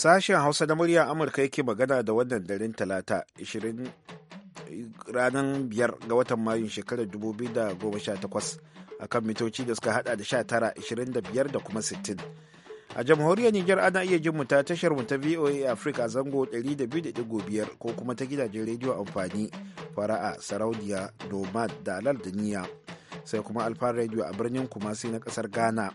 Sashen Hausa da murya Amurka yake magana da wannan daren talata 20 ranar biyar ga watan Mayun shekarar 2018 akan mitoci da suka hada da 19, 25 da kuma 60. a jamhuriyar Nijar ana iya jin mu ta tashar mu ta VOA Africa zango 200.5 ko kuma ta gidajen rediyo amfani fara'a sarauniya nomad da alal da niya sai kuma alfa rediyo a birnin kumasi na kasar Ghana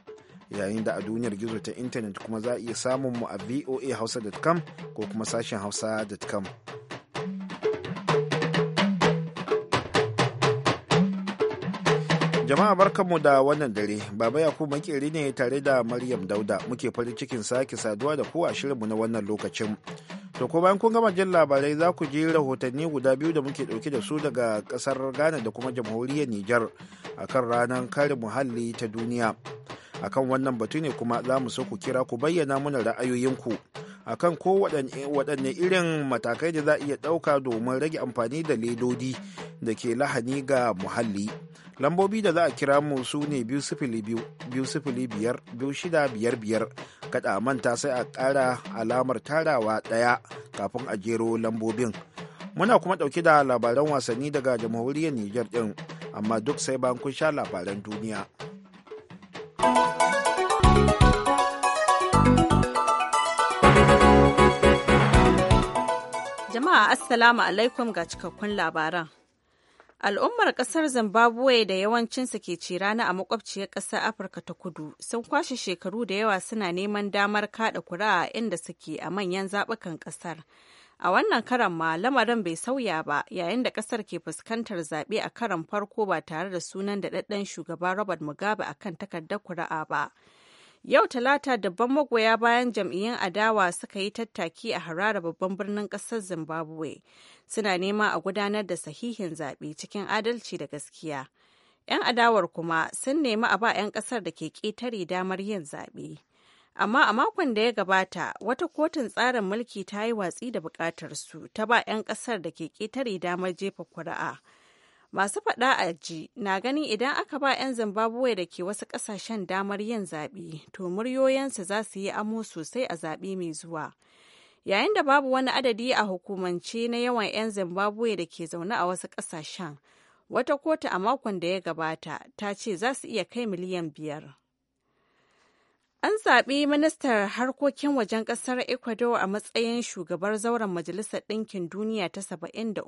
yayin da a duniyar gizo ta intanet kuma za a iya samun mu a voahausa.com ko kuma sashen hausa.com Jama'a barkanmu da wannan dare, Baba Yakubu makeri ne tare da Maryam Dauda muke farin cikin sake saduwa da ku a shirinmu na wannan lokacin. To ko bayan kun gama jin labarai za ku ji rahotanni guda biyu da muke dauke da su daga kasar Ghana da kuma jamhuriyar Nijar akan ranar kare muhalli ta duniya. Akan wannan batu ne kuma za mu so ku kira ku bayyana mana ra'ayoyinku akan ko waɗanne irin matakai da za a iya ɗauka domin rage amfani da ledodi da ke lahani ga muhalli. lambobi da za a kira mu su ne biyu sifili biyu sifili biyar biyu shida biyar biyar kada manta sai a kara alamar tarawa ɗaya kafin a jero lambobin muna kuma ɗauki da labaran wasanni daga jamhuriyar niger din amma duk sai bayan kun sha labaran duniya jama'a assalamu alaikum ga cikakkun labaran Al'ummar ƙasar Zimbabwe da yawancinsu ke ci rana a makwabciyar ƙasar Afirka ta kudu sun kwashe shekaru da yawa suna neman damar kaɗa kura'a inda suke a manyan zaɓukan ƙasar. A wannan karan ma lamarin bai sauya ba yayin da ƙasar ke fuskantar zaɓe a karan farko ba tare da sunan da shugaba Robert Mugabe a kan takardar kura'a ba. Yau Talata dabban magoya bayan jam'iyyun adawa suka yi tattaki a harara babban birnin ƙasar Zimbabwe, suna nema a gudanar da sahihin zaɓe cikin adalci da gaskiya. 'Yan adawar kuma sun nemi a ba 'yan ƙasar da ke ƙetare damar yin zaɓe. Amma a makon da ya gabata, wata kotun tsarin mulki ta yi watsi da buƙatar su ta ba 'yan ƙasar da ke ƙetare damar jefa kuri'a. Masu faɗa a ji na gani idan aka ba 'yan Zimbabwe da ke wasu ƙasashen damar yin zaɓe, to muryoyinsu za su yi amo sosai a zaɓe mai zuwa. Yayin da babu wani adadi a hukumance na yawan 'yan Zimbabwe da ke zaune a wasu ƙasashen, wata kotu a makon da ya gabata ta ce za su iya kai miliyan biyar. An zaɓi ministar harkokin wajen ƙasar Ecuador a matsayin shugabar zauren Majalisar Ɗinkin Duniya ta 73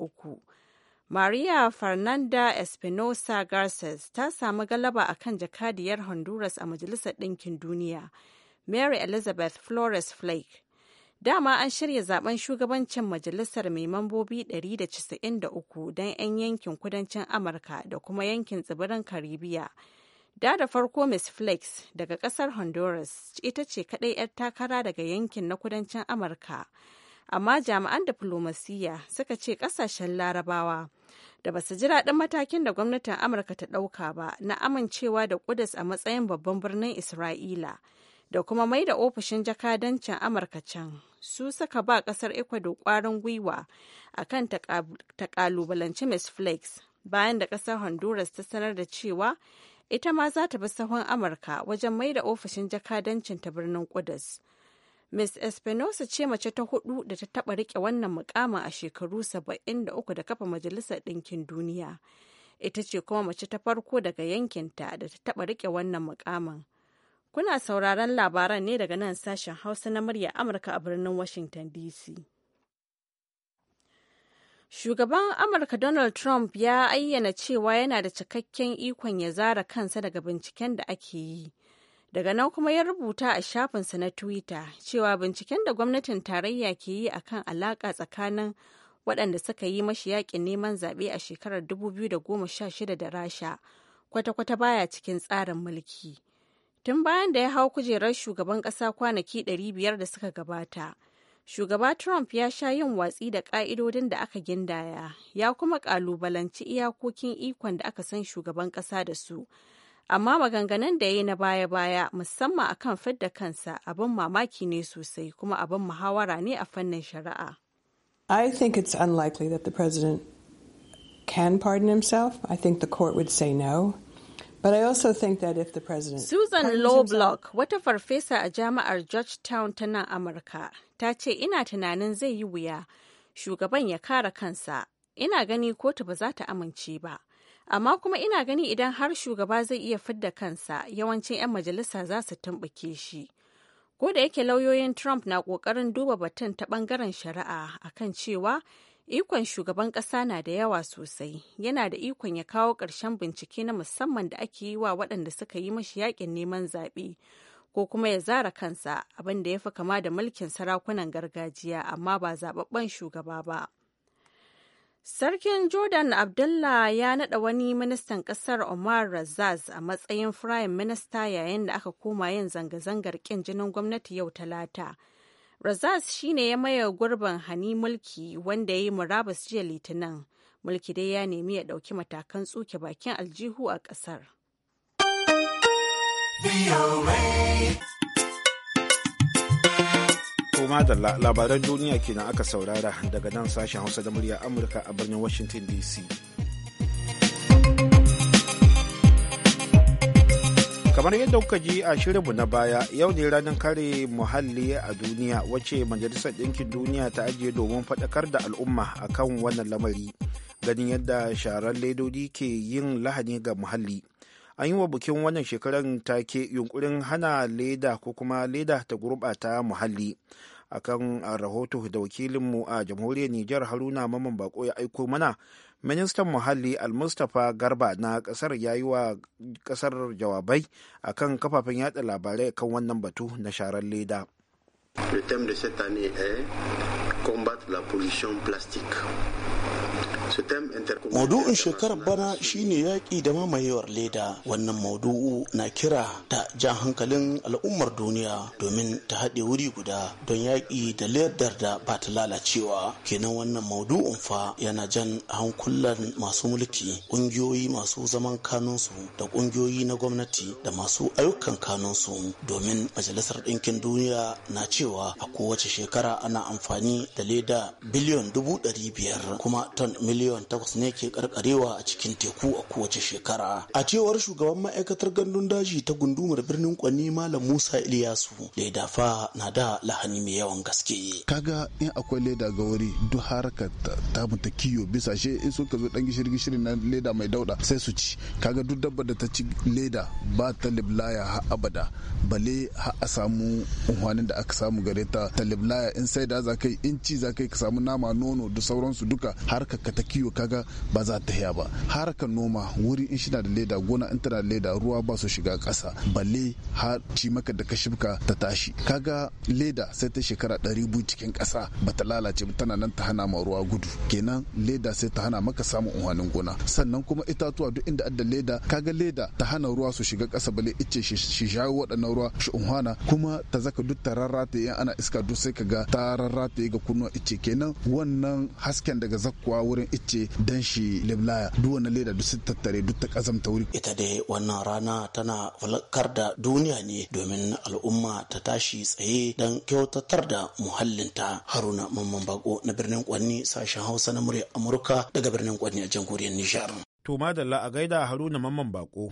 Maria Fernanda Espinosa Garces ta samu galaba a kan jakadiyar Honduras a Majalisar Ɗinkin Duniya, Mary Elizabeth Flores Flake. Dama an shirya zaben shugabancin majalisar mai mambobi 193 don 'yan yankin kudancin Amurka da kuma yankin tsibirin Karibiya. Da da farko Miss Flakes daga kasar Honduras ita ce kaɗai 'yar takara daga yankin na kudancin Amurka amma jami'an diflomasiyya suka ce kasashen larabawa da basu ji daɗin matakin da gwamnatin amurka ta ɗauka ba na amincewa da kudus a matsayin babban birnin isra'ila da kuma mai da ofishin jakadancin amurka can su suka ba ƙasar ecuador ƙwarin gwiwa akan ta ƙalubalanci miss flakes bayan da ƙasar honduras ta sanar da cewa ita ma za ta bi sahun amurka wajen mai da ofishin jakadancin ta birnin kudus Ms. Espinosa ce mace ta hudu da ta taba rike wannan mukama a shekaru 73 da kafa Majalisar Ɗinkin Duniya. Ita ce kuma mace ta farko daga yankinta da ta taba rike wannan mukamin. Kuna sauraron labaran ne daga nan sashen Hausa na murya Amurka a birnin Washington DC. Shugaban Amurka Donald Trump ya ayyana cewa yana da cikakken ikon ya zara kansa daga binciken da ake yi. daga nan kuma ya rubuta a shafinsa na twitter cewa binciken da gwamnatin tarayya ke yi a kan alaƙa tsakanin waɗanda suka yi mashi yaƙin neman zaɓe a shekarar 2016 da rasha kwata-kwata baya cikin tsarin mulki tun bayan da ya hau kujerar shugaban ƙasa kwanaki 500 da suka gabata shugaba trump ya sha yin watsi da ƙa'idodin da aka gindaya ya kuma ƙalubalanci iyakokin ikon da aka san shugaban ƙasa da su amma maganganun da na baya-baya musamman akan fidda kansa abin mamaki ne sosai kuma abin muhawara ne a fannin shari'a. I think it's unlikely that the president can pardon himself. I think the court would say no. But I also think that if the president Susan Lowblock, wata farfesa a jami'ar Georgetown ta nan Amurka, ta ce ina tunanin zai yi wuya shugaban ya kare kansa. Ina gani kotu ba za ta amince ba. amma kuma ina gani idan har shugaba zai iya fidda kansa yawancin 'yan majalisa za su tumbuke shi ko da yake lauyoyin trump na kokarin duba batun ta bangaren shari'a a kan cewa ikon shugaban kasa na da yawa sosai yana da ikon ya kawo ƙarshen bincike na musamman da ake yi wa waɗanda suka yi mashi yakin neman zaɓe ko kuma ya zara kansa abinda da ya fi kama da mulkin sarakunan gargajiya amma ba zababben shugaba ba Sarkin Jordan Abdullah ya naɗa wani ministan ƙasar Omar Razaz a matsayin firayim minista yayin da aka koma yin zanga-zangar ƙin jinin gwamnati yau talata. Razaz shine ya maye gurbin hani mulki wanda ya yi murabus jiya litinin. Mulki dai ya nemi ya ɗauki matakan tsuke bakin aljihu a ƙasar. To da labaran duniya kenan aka saurara daga nan sashen Hausa da murya Amurka a birnin Washington DC. Kamar yadda kuka ji a shirinmu na baya yau ne ranar kare muhalli a duniya wacce Majalisar Ɗinkin Duniya ta ajiye domin faɗakar da al'umma akan wannan lamari ganin yadda sharar ledodi ke yin lahani ga muhalli. an yi wa bikin wannan shekarar take yunkurin hana leda ko kuma leda ta gurɓata muhalli akan rahoto da wakilinmu a jamhuriyar Nijar Haruna Maman Bako ya aiko mana ministan muhalli al mustapha garba na kasar ya yi wa kasar jawabai akan kafafen yada labarai kan wannan batu na sharar leda Le thème de cette année est combattre la pollution plastique. Maudu'in shekarar bana shine yaƙi da mamayewar leda. Wannan maudu'u na kira da jan hankalin al'ummar duniya domin ta haɗe wuri guda don yaƙi da ledar da ba ta lalacewa. Kenan wannan Maudu'un fa yana jan hankulan masu mulki, ƙungiyoyi masu zaman kanunsu da ƙungiyoyi na gwamnati da masu ayyukan kanunsu domin Majalisar Ɗinkin Duniya na cewa a kowace shekara ana amfani da leda biliyon dubu ɗari biyar kuma ton miliyan miliyan takwas ne ke karkarewa a cikin teku a kowace shekara a cewar shugaban ma'aikatar gandun daji ta gundumar birnin kwanni malam musa iliyasu leda fa na da lahani mai yawan gaske kaga in akwai leda ga wuri duk harkar ta ta kiyo bisa shi in suka zo dan gishiri gishiri na leda mai dauda sai su ci kaga duk dabba da ta ci leda ba ta liblaya har abada bale har a samu unhwanin da aka samu gare ta ta liblaya in sai da za kai in ci za kai ka samu nama nono da sauransu duka harkar ka ta kiwo kaga ba za ta ba harkar noma wuri in shi na da leda gona in tana da leda ruwa ba su shiga kasa balle har ci maka da kashibka ta tashi kaga leda sai ta shekara ɗari biyu cikin kasa ba ta lalace ba tana nan ta hana ma ruwa gudu kenan leda sai ta hana maka samun unhanin gona sannan kuma itatuwa duk inda adda leda kaga leda ta hana ruwa su shiga kasa balle ice shi shawo waɗannan ruwa shi unhana kuma ta zaka duk ta rarrata ana iska duk sai kaga ta rarrata ga kunnuwa ice kenan wannan hasken daga zakkuwa wurin dan shi liblaya duk wannan leda duk sun tattare duk ta kazamta wuri ita dai wannan rana tana falakar da duniya ne domin al'umma ta tashi tsaye don kyautatar da muhallinta haruna mamman bako na birnin kwanni sashen hausa na murya amurka daga birnin kwanni a jamhuriyar nijar to madalla a gaida haruna mamman bako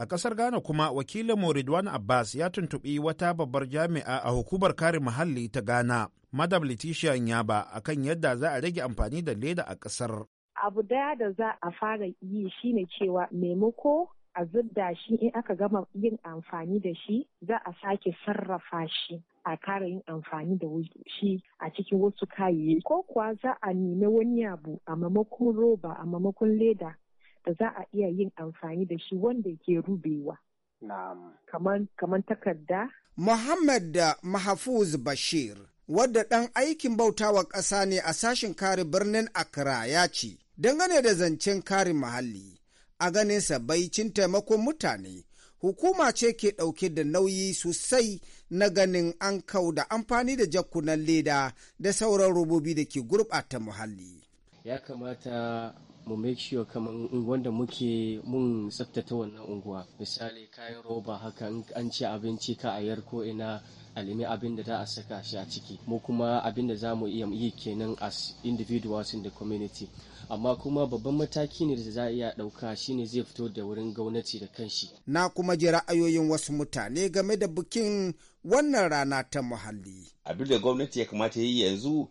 A ƙasar Ghana kuma wakilin moridwan Abbas ya tuntuɓi wata babbar jami'a a hukumar kare muhalli ta Ghana, Madam Letitia Nyaba, kan yadda za a rage amfani da leda a ƙasar. Abu daya da za a fara yi shine cewa maimako a zubda shi in aka gama yin amfani da shi za a sake sarrafa shi a kara yin amfani da shi a cikin wasu kayayyaki ko kuwa za a nemi wani abu a maimakon roba a mamakon leda da za a iya yin amfani da shi wanda ke rubewa. kaman takarda. Muhammad da mahfuz Bashir, wadda ɗan aikin bautawa ƙasa ne a sashen kare birnin Accra ya ce, dangane da zancen kare muhalli, a ganin baicin taimakon mutane, hukuma ce ke ɗauke da nauyi sosai na ganin an kau da amfani da jakunan leda da sauran robobi da ke gurɓata muhalli. Ya kamata mu make sure kamar wanda muke mun tsaftata wannan unguwa misali kayan roba haka an ci abinci ka a yar ko ina alimi abin da za a saka shi a ciki mu kuma abin da za mu iya yi kenan as individuals in the community amma kuma babban mataki ne da za a iya ɗauka shine zai fito da wurin gwamnati da kanshi na kuma ji ra'ayoyin wasu mutane game da bukin wannan rana ta muhalli abin da gwamnati ya kamata yi yanzu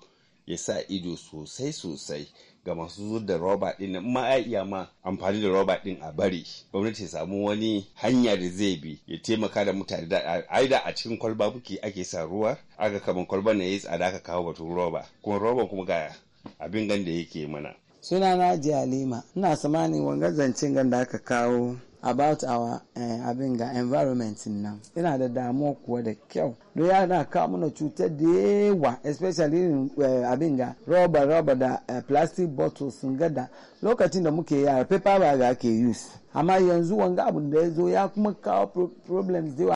ya sa ido sosai sosai ga masu zuwa da roba din nan ma iya ma amfani da roba din a bari gwamnati samu wani hanya da zai bi ya taimaka da mutane da aida a cikin kwalba buki ake sa ruwa aka kaman kwalban na yi tsada aka kawo batun roba kuma roba kuma ga abin gan da yake mana sunana jihalima ina samani wanga zancen ganda aka kawo about our uh, eh, abin ga environment na ina da damuwa kuwa da kyau don yana kawo mana cutar da yawa especially uh, abin ga rubber rubber da uh, plastic bottles sun gada lokacin da muke yara paper bag ake use amma yanzu wanga abin da ya zo ya kuma kawo pro problems da yawa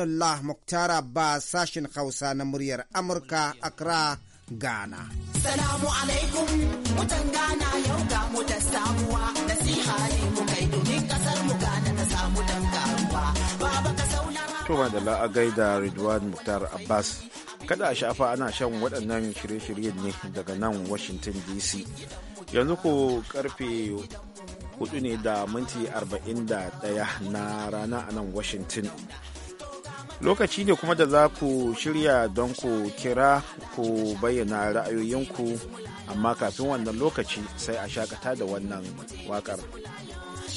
allah Muktara ba sashin Hausa na muryar Amurka Accra gana. Salamu alaikum mutan Ghana yau ga mu da samuwa nasiha ne mu kai kuma da la'agai da Ridwan Mukhtar Abbas. Kada a shafa ana shan waɗannan shirye-shiryen ne daga nan Washington DC. Yanzu ko karfe hudu ne da minti 41 na rana a nan Washington. Lokaci ne kuma da za ku shirya don ku kira ku bayyana ra'ayoyinku amma kafin wannan lokaci sai a shakata da wannan wakar.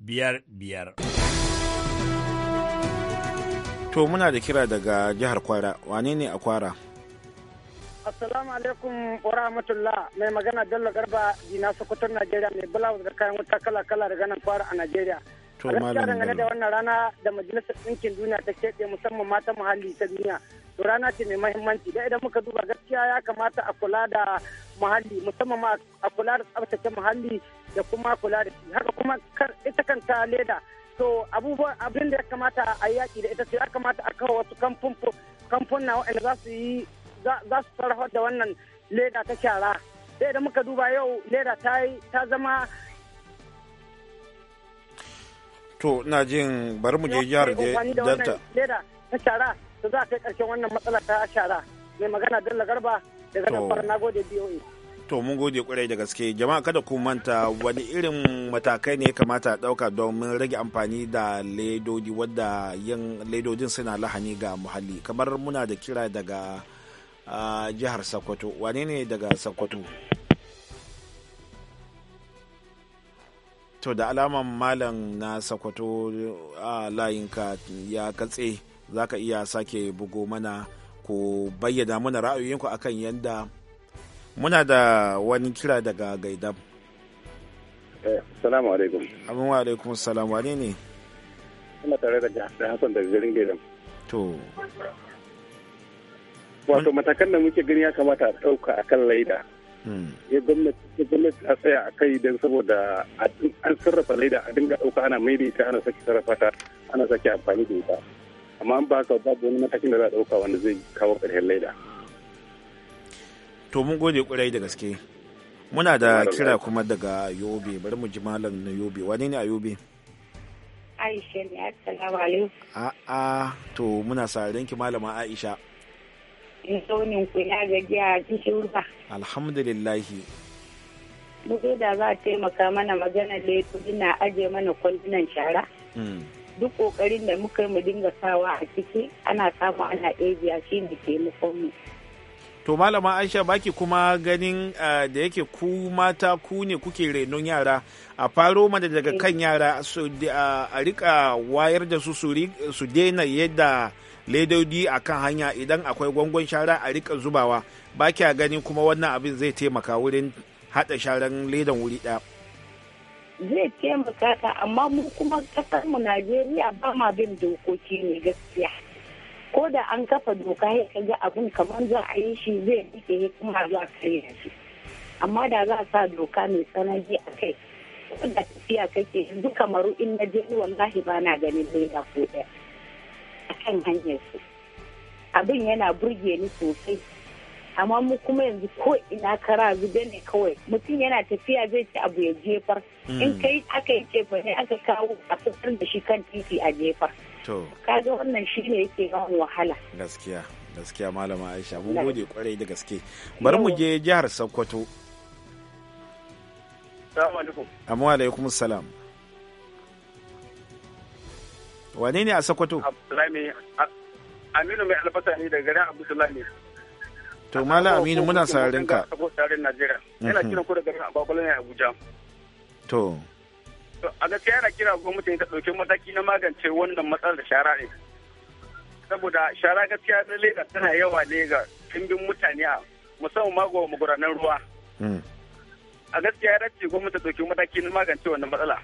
biyar biyar. To muna da kira daga jihar Kwara, wane ne a Kwara? Assalamu alaikum wa rahmatullah mai magana Bello Garba Dina Sokoton Najeriya mai bala da kayan wuta kala-kala daga nan Kwara a Najeriya. To malam dangane da wannan rana da Majalisar Dinkin Duniya ta keɓe musamman mata muhalli ta duniya. To rana ce mai mahimmanci da idan muka duba gaskiya ya kamata a kula da muhalli musamman ma a kula da tsabtace muhalli da kuma kula da shi haka kuma kar ita kanta leda to abubuwan abin da ya kamata a yaki da ita ce ya kamata a kawo wasu na waɗanda za su yi za su sarrafa da wannan leda ta shara sai da muka duba yau leda ta yi ta zama to na jin bari mu je jihar delta leda ta shara to za a kai ƙarshen wannan matsala ta shara mai magana dalla garba daga nan fara nagode boe. to mun gode kwarai da gaske jama'a kada ku manta wani irin matakai ne kamata a ɗauka domin rage amfani da ledodi wadda yin ledodin suna lahani ga muhalli kamar muna da kira daga jihar sokoto wane ne daga sokoto to da alaman malam na sokoto a layinka ya katse za ka iya sake bugo mana ku bayyana mana ra'ayoyinku akan yadda muna da wani kira daga gaidam eh, salamu alaikum abin wa alaikum salam wane ne ina tare da hassan da garin gaidam to wato matakan da muke gani ya kamata a ɗauka a kan laida hmm. ya gwamnati a tsaya a kai don saboda an sarrafa laida a dinga ɗauka ana maida ita ana saki sarrafa ta ana saki amfani da ita amma an ba ka babu wani matakin da za a ɗauka wanda zai kawo ƙarshen laida. to mun gode kurai da gaske muna da kira kuma daga yobe bari mu ji malam na yobe wani ne a yobe aisha ne assalamu alaikum a'a to muna sauraron ki malama aisha in tsaunin ku ya gaji a cikin ruwa alhamdulillahi mu da za a taimaka mana magana da na aje mana kwandunan shara hmm. duk kokarin da muka mu dinga sawa a ciki ana samu ana ɗebiya shi ne taimakon mu to malama aisha baki kuma ganin uh, da yake ku mata ku ne kuke renon yara a faro mana daga eh. kan yara su a rika wayar da su su daina yadda ledodi a kan hanya idan akwai gwangon shara a rika zubawa ba kya gani kuma wannan abin zai taimaka wurin hada sharan ledan wuri ɗaya zai taimaka ta amma mu kuma ƙasar mu najeriya ba ma bin dokoki ne gaskiya ko da an kafa doka ya kai abun kamar za a yi shi zai rike kuma za a kare shi amma da za a sa doka mai tsanani a kai ko da tafiya kake yanzu kamaru in na je wallahi ba na ganin da ko ɗaya a kan hanyar su abin yana burge ni sosai amma mu kuma yanzu ko ina kara zube ne kawai mutum yana tafiya zai ci abu ya jefar in mm. kai aka yi jefa ne aka kawo a fitar da shi kan titi a jefar to kaga wannan ne yake yawan wahala gaskiya gaskiya malama aisha mun gode kwarai da gaske bari mu je jihar sokoto assalamu alaikum amma alaikum salam wane ne a sokoto aminu mai albasa ne daga garin abdullahi ne to mala aminu muna sararin ka yana mhm. kiran ku da garin abuja to a gaskiya yana kira gwamnati ta ɗauki mataki na magance wannan matsalar shara ne saboda shara gaskiya na legas tana yawa ne ga dimbin mutane a musamman mago maguranan ruwa hmm. a gaskiya ya dace gwamnati ta ɗauki mataki na magance wannan matsala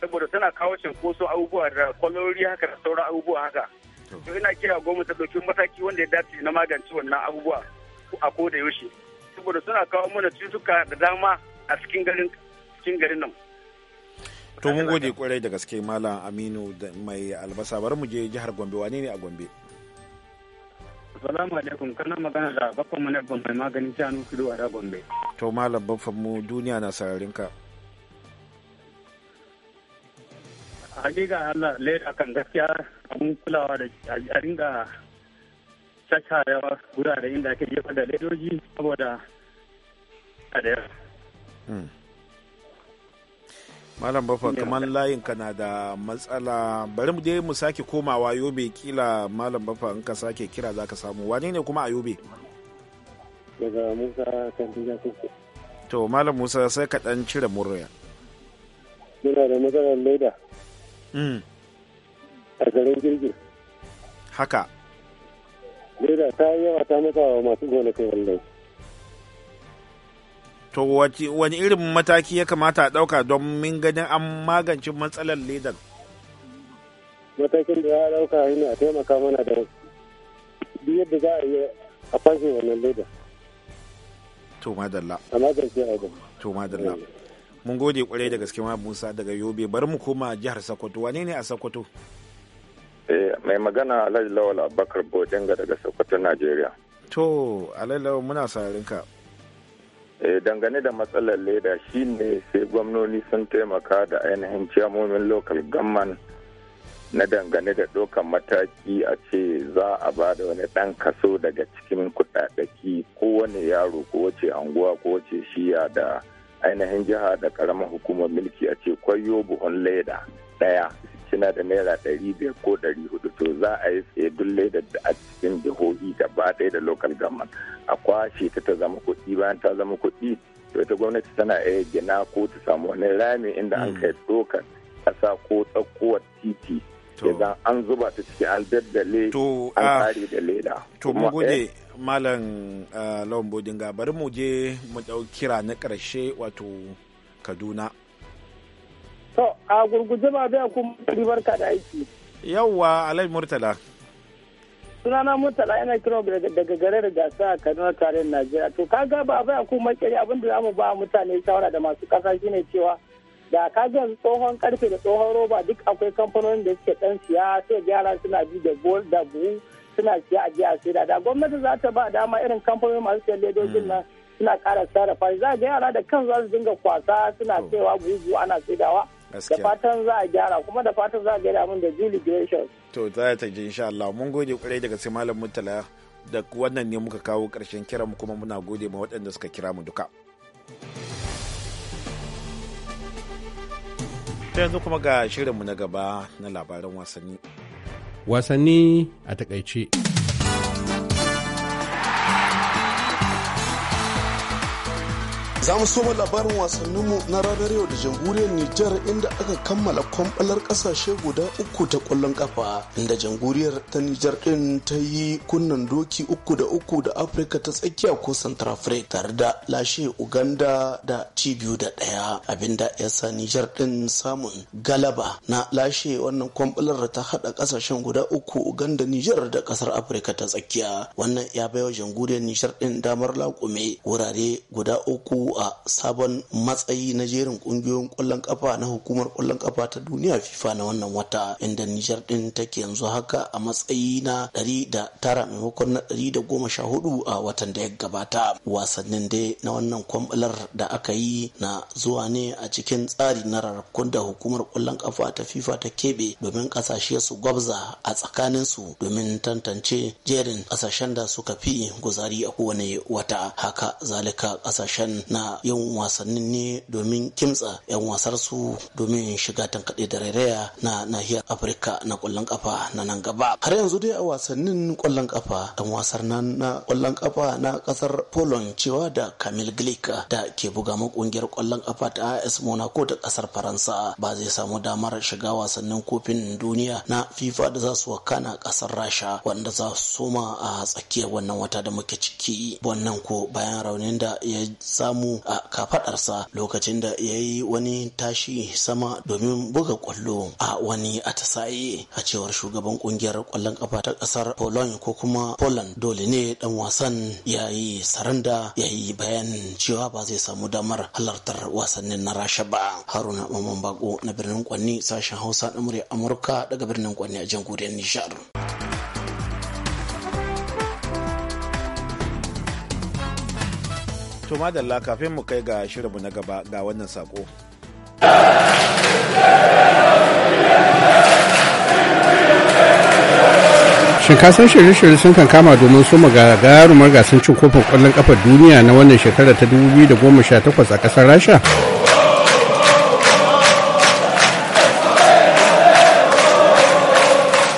saboda tana kawo cinkoso abubuwa da kwalori haka da sauran abubuwa haka to ina kira gwamnati ta ɗauki mataki wanda ya dace na magance wannan abubuwa a ko da yaushe saboda suna kawo mana cutuka da dama a cikin garin cikin garin nan to mun gode kwarai da gaske malam aminu mai albasa bari mu je jihar gombe wane ne a gombe salamu alaikum kana magana da bakon mu na maganin shanu kudu a Gombe. To malam baffan mu duniya na sararin ka. Hakika Allah leda kan gaskiya abun kulawa da a ringa shashayawa gurare inda ake jefa da ledoji saboda a da hmm. malam bafa kamar layin ka na da matsala bari mu dai mu sake komawa yobe kila malam bafa in ka sake kira za ka samu wani ne kuma a yobe daga musa kan kantin to malam musa sai ka dan cire murya muna da matsalar leda mm. a garin jirgin haka leda ta yi yawa ta matsawa masu kai wallahi to wani irin mataki ya kamata a ɗauka don min ganin an magance matsalar ledan matakin da ya ɗauka shine a taimaka mana da biyar da za a yi a fashe wannan ledan to madalla a magance abin to madalla mun gode kwarai da gaske ma musa daga yobe bari mu koma jihar sokoto wane ne a sokoto eh, mai magana alhaji lawal abubakar bodinga daga sokoto najeriya to alhaji lawal muna sararin ka Eh, dangane da matsalar leda shine sai gwamnoni sun taimaka da ainihin ciyamomin local gamman na dangane da ɗaukan mataki a ce za a ba da wani dan kaso daga cikin kuɗaɗaki kowane yaro ko wace anguwa ko wace shiya da ainihin jiha da karamar hukumar mulki a ce kwayo buhun leda ɗaya suna da naira ɗari biyar ko ɗari hudu to za a yi tsaye duk leda a cikin jihohi ba ɗaya da lokal government a kwashe ta ta zama kuɗi bayan ta zama kuɗi to ita gwamnati tana iya gina ko ta samu wani rami inda an mm. kai dokar ƙasa ko tsakowar titi idan an zuba ta cikin aldaddale an ah, kare da leda. To mu gode eh. Malam ah, Lawan ga bari mu je mu ɗau kira na ƙarshe wato Kaduna. To, a gurguje ma biya kuma barka da aiki. Yawwa, Alai Murtala. sunana murtala yana kira daga gare da gasa a kaduna tarayyar najeriya to ga ba bai ku makeri abin da mu ba mutane shawara da masu kasa ne cewa da ka ga tsohon karfe da tsohon roba duk akwai kamfanonin da suke dan siya sai gyara suna bi da bol da buhu suna siya a jiya sai da gwamnati za ta ba dama irin kamfanonin masu siyan ledojin nan mm. suna kara sarrafa za ga yara da kan za su dinga kwasa suna cewa buhu ana saidawa da fatan za a gyara kuma da fatan za a gyara mun da Julie Gracious to za ta ji insha Allah mun gode kwarai daga sai malam Murtala da wannan ne muka kawo karshen kiran mu kuma muna gode ma waɗanda suka kira mu duka yanzu kuma ga shirinmu na gaba na labaran wasanni wasanni a takaice Za mu soma labarin wasanninmu na ranar yau da jamhuriyar Nijar inda aka kammala kwamfalar kasashe guda uku ta kwallon kafa inda jamhuriyar ta Nijar din ta yi kunnan doki uku da uku da Afirka ta tsakiya ko Central Africa tare da lashe Uganda da cibiyu da ɗaya abinda ya sa Nijar din samun galaba na lashe wannan kwamfalar ta haɗa kasashen guda uku Uganda Nijar da kasar Afirka ta tsakiya wannan ya baiwa jamhuriyar Nijar din damar laƙume wurare guda uku a sabon matsayi na jerin kungiyoyin kwallon kafa na hukumar kwallon kafa ta duniya FIFA na wannan wata inda Nijar din take yanzu haka a matsayi na 109 maimakon na da goma sha hudu a watan da ya gabata. Wasannin dai na wannan kwambalar da aka yi na zuwa ne a cikin tsari na rarrakun da hukumar kwallon kafa ta FIFA ta keɓe domin kasashe su gwabza a tsakanin su domin tantance jerin kasashen da suka fi guzari a kowane wata haka zalika kasashen na yin wasannin ne domin kimtsa 'yan wasarsu domin shiga tankaɗe da rairaya na nahiyar afirka na kwallon ƙafa na nan gaba har yanzu dai a wasannin kwallon ƙafa ɗan wasar na ƙwallon ƙafa na ƙasar poland cewa da kamil glik da ke buga ma ƙungiyar ƙwallon ƙafa ta as monaco da ƙasar faransa ba zai samu damar shiga wasannin kofin duniya na fifa da za su wakana ƙasar rasha wanda za su soma a tsakiyar wannan wata da muke ciki wannan ko bayan raunin da ya samu a kafadarsa lokacin da ya yi wani tashi sama domin buga kwallo a wani atisaye a cewar shugaban kungiyar kwallon kafa ta kasar Poland ko kuma Poland dole ne dan wasan ya yi saranda ya yi bayan cewa ba zai samu damar halartar wasannin na Rasha ba. Haruna Mamman Bako na birnin Kwanni sashen Hausa na murya Amurka daga birnin Kwanni a jamhuriyar Nishar. To madalla kafin mu kai ga shirinmu na gaba ga wannan sako. Shin ka san shirye-shirye sun kan kama domin su gagarumar gasar cin kofin kwallon kafar duniya na wannan shekara ta 2018 a ƙasar Rasha?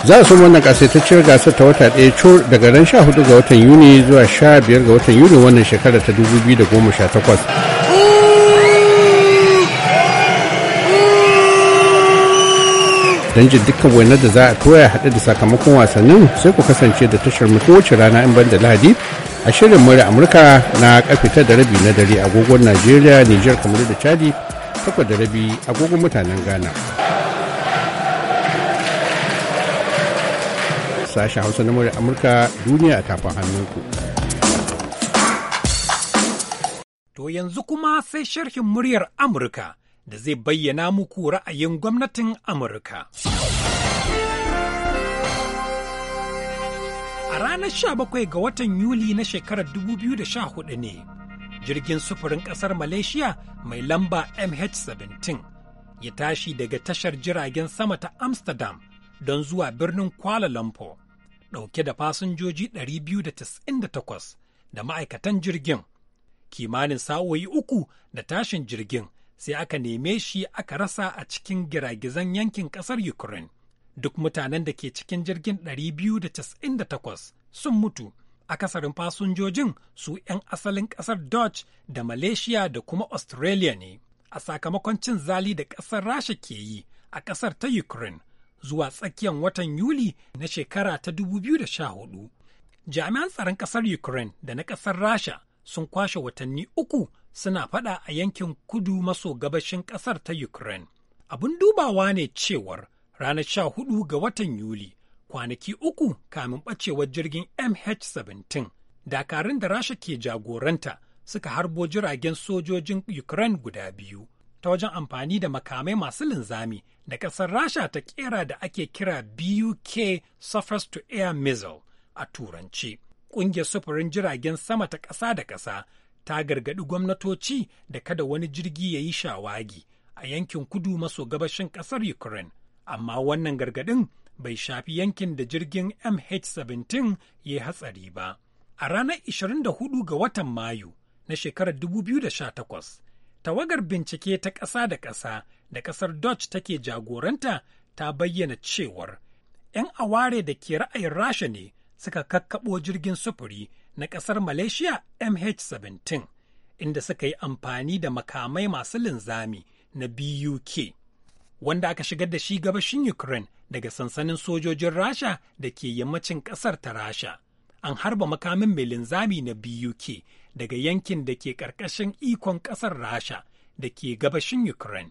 za su wannan kasaitacciyar gasar ta wata ɗaya cur daga ran 14 ga watan yuni zuwa 15 ga watan yuni wannan shekara ta 2018 don jin dukkan wainar da za a toya haɗe da sakamakon wasannin sai ku kasance da tashar mu kowace rana in ban da lahadi a shirin mura amurka na karfe da rabi na dare agogon najeriya niger kamar da chadi takwas da agogon mutanen ghana sashen hausa na murya amurka duniya a tafin hannunku to yanzu kuma sai sharhin muryar amurka da zai bayyana muku ra'ayin gwamnatin amurka a ranar 17 ga watan yuli na shekarar 2014 ne jirgin sufurin kasar malaysia mai lamba mh17 ya tashi daga tashar jiragen sama ta amsterdam don zuwa birnin Kuala Lumpur. ɗauke da fasinjoji ɗari biyu da da ma'aikatan jirgin. Kimanin sa'o'i uku da tashin jirgin sai aka neme shi aka rasa a cikin giragizan yankin ƙasar Ukraine. Duk mutanen da ke cikin jirgin ɗari biyu da 298 sun mutu. Akasarin fasinjojin su 'yan asalin ƙasar Dutch da Malaysia da kuma Australia ne. A sakamakon cin zali da ƙasar Rasha ke yi a ƙasar ta Ukraine zuwa tsakiyar watan Yuli na shekara ta 2014. Jami'an tsaron ƙasar Ukraine da na ƙasar Rasha sun kwashe watanni uku suna faɗa a yankin kudu maso gabashin ƙasar ta Ukraine. Abin dubawa ne cewar ranar sha hudu ga watan Yuli kwanaki uku kamin ɓacewar jirgin MH17 dakarun da rasha ke jagoranta suka harbo jiragen sojojin Ukraine guda biyu ta wajen amfani da makamai masu linzami da ƙasar Rasha ta ƙera da ake kira BUK Surface to Air Missile a Turanci. Ƙungiyar sufurin jiragen sama ta ƙasa da ƙasa ta gargaɗi gwamnatoci da kada wani jirgi ya yi shawagi a yankin kudu maso gabashin ƙasar Ukraine, amma wannan gargaɗin bai shafi yankin da jirgin MH17 ya hatsari ba. A ranar 24 ga watan Mayu na shekarar 2018, tawagar bincike ta ƙasa da ƙasa da ƙasar Dutch take jagoranta ta bayyana cewar 'yan aware da ke ra'ayin Rasha ne suka kakkaɓo jirgin sufuri na ƙasar Malaysia MH17 inda suka yi amfani da makamai masu linzami na BUK wanda aka shigar da shi gabashin Ukraine daga sansanin sojojin Rasha da ke yammacin ƙasar ta Rasha. An harba makamin mai linzami na BUK daga yankin da ke ƙarƙashin ikon ƙasar Rasha da ke gabashin Ukraine.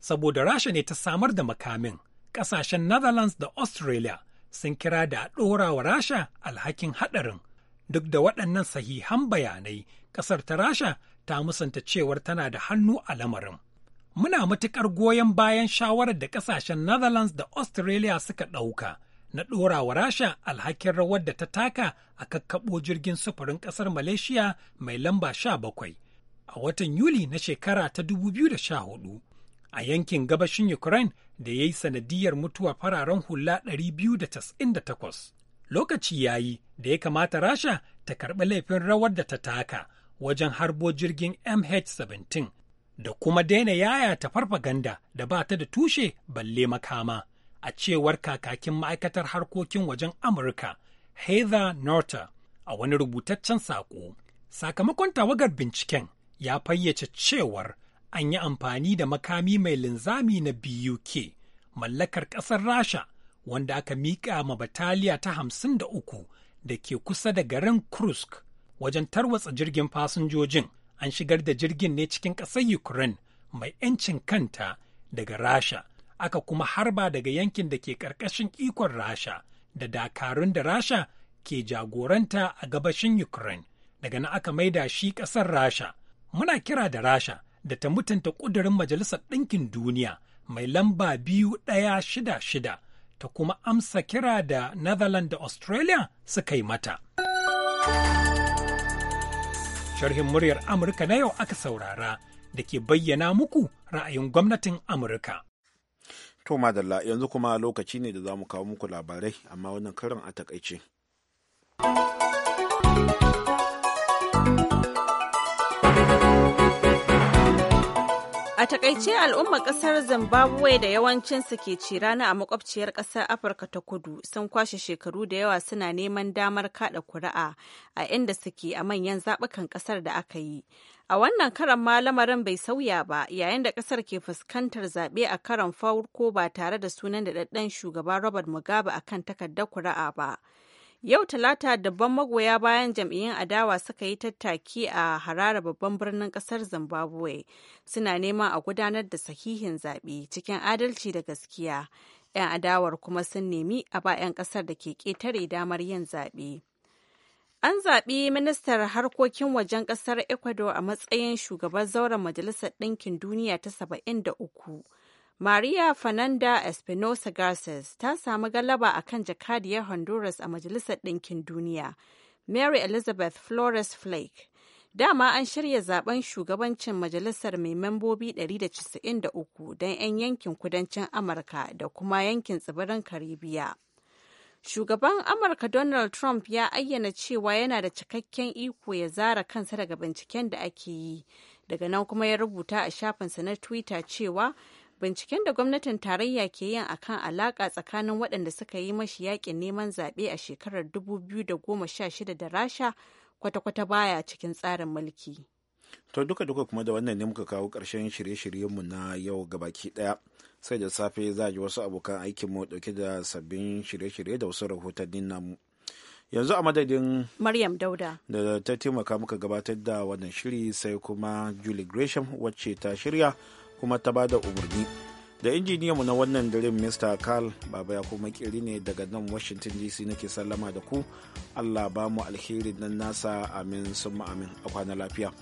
Saboda Rasha ne ta samar da makamin, ƙasashen Netherlands da Australia sun kira da ɗora wa Rasha alhakin haɗarin. Duk da waɗannan sahihan bayanai, ƙasar ta Rasha ta musanta cewar tana da hannu a lamarin. Muna matuƙar goyon bayan shawarar da ƙasashen Netherlands da Australia suka ɗauka. na ɗora wa rasha alhakin rawar da ta taka a kakkaɓo jirgin sufurin ƙasar malaysia mai lamba sha bakwai a watan yuli na shekara ta 2014 a yankin gabashin ukraine da ya yi sanadiyar mutuwa fararen hula 298 lokaci ya yi da ya kamata rasha ta karɓi laifin rawar da ta taka wajen harbo jirgin mh17 da kuma daina yaya ta farfaganda da ba ta da tushe balle makama a cewar kakakin ma'aikatar harkokin wajen Amurka, Heather Norter, a wani rubutaccen saƙo. Sakamakon tawagar binciken ya fayyace cewar an yi amfani da makami mai linzami na BUK, mallakar ƙasar Rasha, wanda aka miƙa ma bataliya ta hamsin da uku da ke kusa da garin Krusk, wajen tarwatsa jirgin fasinjojin. An shigar da jirgin ne cikin ƙasar Ukraine mai 'yancin kanta daga Rasha aka kuma harba daga yankin da ke ƙarƙashin ikon Rasha da dakarun da Rasha ke jagoranta a gabashin Ukraine. Daga na aka maida shi ƙasar Rasha. Muna kira da Rasha da ta mutunta ƙudurin Majalisar Ɗinkin Duniya mai lamba biyu ɗaya shida shida ta kuma amsa kira da Netherlands da Australia suka yi mata. Sharhin muryar Amurka na yau aka saurara da ke bayyana muku ra'ayin gwamnatin Amurka. To madalla yanzu kuma lokaci ne da za mu kawo muku labarai amma wannan karin a takaice. A takaice al'ummar kasar Zimbabwe da yawancinsu ke ci rana a makwabciyar kasar Afirka ta kudu sun kwashe shekaru da yawa suna neman damar kada kuri'a a inda suke a manyan zaɓukan kasar da aka yi. A wannan karan ma lamarin bai sauya ba yayin da ƙasar ke fuskantar zaɓe a karan farko ba tare da sunan daɗaɗɗen shugaba Robert Mugabe a kan takardar kuri'a ba. Yau Talata dabban magoya bayan jam'iyyun adawa suka yi tattaki a harara babban birnin ƙasar Zimbabwe suna neman a gudanar da sahihin zaɓe cikin adalci da gaskiya. 'Yan adawar kuma sun nemi a ba 'yan ƙasar da ke ƙetare damar yin zaɓe. An zaɓi ministar harkokin wajen ƙasar Ecuador a matsayin shugaban zauren Majalisar Ɗinkin Duniya ta 73. Maria Fernanda Espinosa Garces ta samu galaba a kan jakadiyar Honduras a Majalisar Ɗinkin Duniya, Mary Elizabeth Flores Flake. Dama an shirya zaben shugabancin majalisar mai membobi 193 don 'yan yankin kudancin Amurka da kuma yankin tsibirin Karibiya. Shugaban Amurka Donald Trump ya ayyana cewa yana da cikakken iko ya zara kansa daga binciken da ake yi. Daga nan kuma ya rubuta a shafinsa na Twitter cewa binciken da gwamnatin tarayya ke yin akan alaƙa tsakanin waɗanda suka yi mashi yaƙin neman zaɓe a shekarar 2016 da rasha kwata-kwata baya cikin tsarin mulki. to duka duka kuma da wannan ne muka kawo ƙarshen shirye-shiryenmu na yau ga baki ɗaya sai da safe za a ji wasu abokan mu dauke da sabbin shirye-shirye da wasu rahotannin namu yanzu a madadin maryam dauda da ta taimaka muka gabatar da wannan shiri sai kuma julie gresham wacce ta shirya kuma ta ba da umarni da injiniyanmu na wannan dare mr carl baba ya kuma kiri ne daga nan washington dc nake sallama da ku allah ba mu alherin nan nasa amin sun amin a kwana lafiya